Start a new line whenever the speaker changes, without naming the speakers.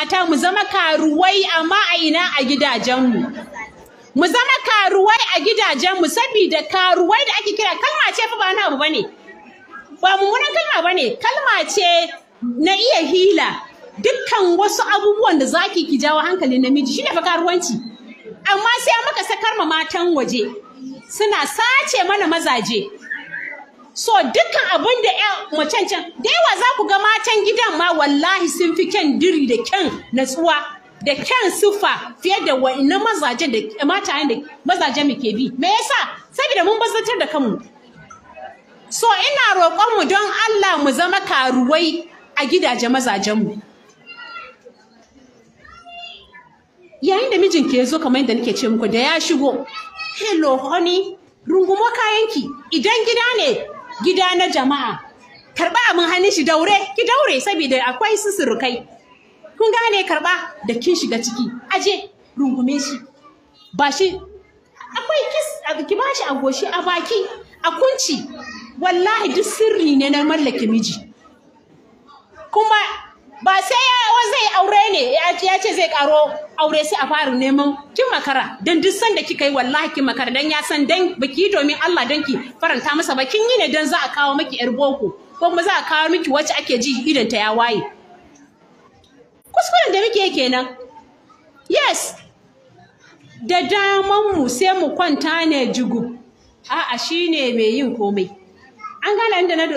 mata mu zama karuwai amma a ina a gidajenmu mu zama karuwai a gidajenmu saboda karuwai da ake kira kalma ce fa ba na abu bane ba mummunan kalma bane kalma ce na iya hila dukkan wasu abubuwan da zaki ki jawo hankalin namiji shine fa karuwanci amma sai an maka sakar ma matan waje suna sace mana mazaje so dukkan abin da macen can da yawa za ku ga matan gidan ma wallahi sun fi kyan diri da kyan natsuwa da kyan siffa fiye da wa'ina mazaje da matayen da mazaje mu ke bi me yasa saboda mun bazatar da kanmu so ina roƙon mu don Allah mu zama karuwai a gidaje mazajen mu yayin da mijin ke zo kamar yadda nake ce muku da ya shigo hello honey rungumo kayanki idan gida ne gida na jama'a karba abin hannun shi daure ki daure saboda akwai su surukai. kun gane karba da kin shiga ciki aje rungume shi ba shi akwai kis ki ba shi a a baki a kunci wallahi duk sirri ne na mallake miji kuma ba sai ya zai aure ne baki ya ce zai karo aure sai a fara neman kin makara dan duk san da kika yi wallahi kin makara dan ya san dan biki domin Allah dan ki faranta masa ba kin yi ne dan za a kawo miki yar boko ko kuma za a kawo miki wacce ake ji idan ta ya waye kuskuren da muke kenan yes da daman mu sai mu kwanta ne jugu. a'a shine mai yin komai an gane inda na